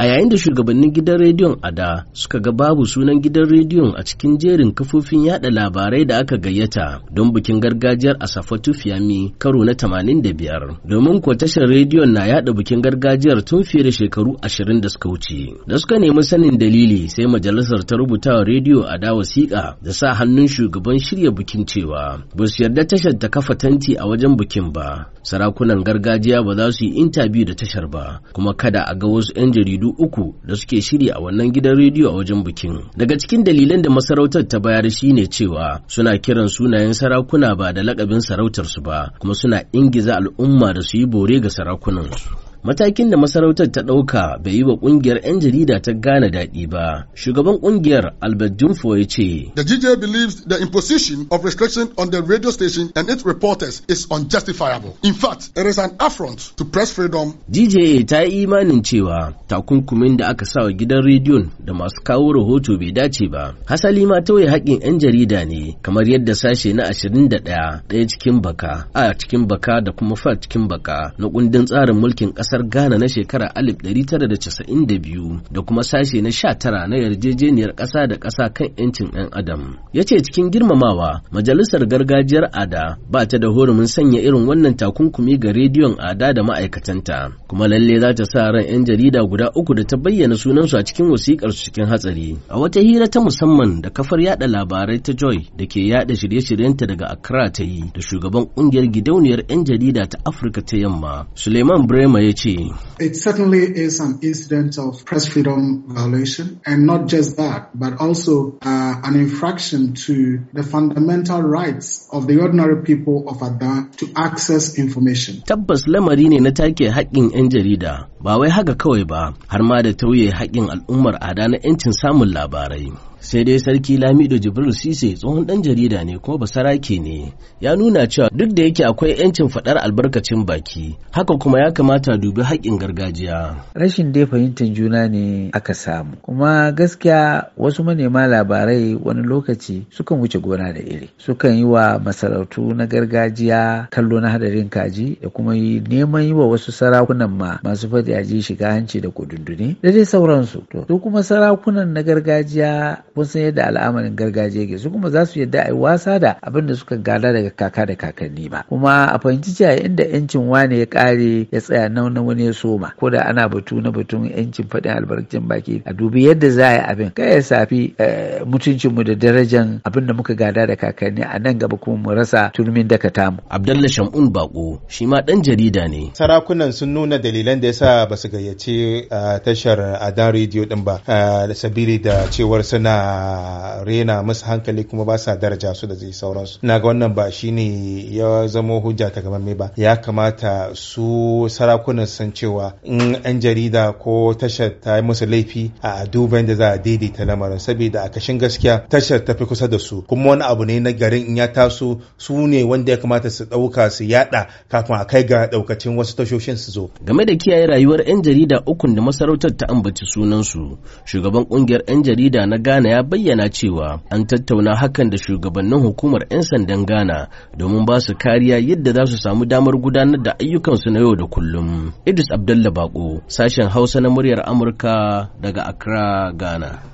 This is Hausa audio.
a yayin da shugabannin gidan rediyon a da suka ga babu sunan gidan rediyon a cikin jerin kafofin yada labarai da aka gayyata don bikin gargajiyar asafatu fiyami karo na 85 domin kuwa tashar rediyon na yada bikin gargajiyar tun fiye da shekaru 20 da suka wuce da suka nemi sanin dalili sai majalisar ta rubuta wa rediyo da wasiƙa da sa hannun shugaban shirya bikin cewa ba su yarda tashar ta kafa tanti a wajen bikin ba sarakunan gargajiya ba za su yi intabiyu da tashar ba kuma kada a ga wasu 'yan jaridu su uku da suke shiri a wannan gidan rediyo a wajen bikin daga cikin dalilan da masarautar ta bayar shi ne cewa suna kiran sunayen sarakuna ba da lakabin sarautarsu ba kuma suna ingiza al'umma da su yi bore ga sarakunansu. matakin da masarautar ta ɗauka bai yi wa ƙungiyar 'yan jarida ta gane daɗi ba shugaban ƙungiyar albert Dunfo ya ce the gj believes the imposition of restriction on the radio station and its reporters is unjustifiable in fact it is an affront to press freedom dj ta yi imanin cewa takunkumin da aka sa wa gidan rediyon da masu kawo rahoto bai dace ba hasali ma tauye haƙƙin 'yan jarida ne kamar yadda sashe na ashirin 21 ɗaya cikin baka a cikin baka da kuma fa cikin baka na kundin tsarin mulkin ƙasa kasar Ghana na shekara 1992 da kuma sashe na 19 na yarjejeniyar ƙasa da ƙasa kan 'yancin 'yan adam. Ya ce cikin girmamawa majalisar gargajiyar ada ba ta da horumin sanya irin wannan takunkumi ga rediyon ada da ma'aikatanta kuma lalle za ta sa ran 'yan jarida guda uku da ta bayyana sunansu a cikin wasikar su cikin hatsari. A wata hira ta musamman da kafar yada labarai ta Joy da ke yada shirye-shiryenta daga Accra ta yi da shugaban kungiyar gidauniyar 'yan jarida ta Afirka ta Yamma Suleiman Brema ya ce. It certainly is an incident of press freedom violation and not just that but also uh, an infraction to the fundamental rights of the ordinary people of Accra to access information. Tabbas lamari ne na take haƙƙin 'yan jarida ba wai haka kawai ba har ma da tauye haƙƙin al'ummar ada na 'yancin samun labarai. sai dai sarki lamido jibril sise tsohon dan jarida ne kuma basarake ne ya nuna cewa duk da yake akwai yancin faɗar albarkacin baki haka kuma ya kamata dubi haƙƙin gargajiya rashin dai fahimtar juna ne aka samu kuma gaskiya wasu manema labarai wani lokaci sukan wuce gona da iri sukan yi wa masarautu na gargajiya kallo na hadarin kaji da kuma yi neman yi wa wasu sarakunan ma masu fadiyaji shiga hanci da kudundune da dai sauransu to kuma sarakunan na gargajiya kun san yadda al'amarin gargajiya yake su kuma za su yadda a wasa da abin da suka gada daga kaka da kakanni ba kuma a fahimci cewa inda yancin wane ya kare ya tsaya na wani ya soma ko da ana batu na batun yancin faɗin albarkacin baki a dubi yadda za a yi abin kai ya safi eh, mutuncinmu da darajan abin da muka gada da kakanni a nan gaba kuma mu rasa turmin daka tamu abdalla shamun bako shi ma dan jarida ne sarakunan sun nuna dalilan da yasa ba su gayyaci eh, tashar adan rediyo din ba eh, sabili da cewar suna rena musu hankali kuma ba sa daraja su da zai sauransu na ga wannan ba shi ne ya zamo hujja ta gaban ba ya kamata su sarakunan san cewa in yan jarida ko tashar ta yi musu laifi a duban da za a daidaita lamarin saboda a kashin gaskiya tashar ta fi kusa da su kuma wani abu ne na garin in ya taso su ne wanda ya kamata su ɗauka su yada kafin a kai ga ɗaukacin wasu tashoshin su zo game da kiyaye rayuwar yan jarida ukun da masarautar ta ambaci sunansu shugaban kungiyar yan jarida na Ghana ya bayyana cewa an tattauna hakan da shugabannin hukumar 'yan sandan Ghana domin ba su kariya yadda za su samu damar gudanar da ayyukansu na yau da kullum. Idris Abdullah sashen Hausa na muryar Amurka daga Accra, Ghana.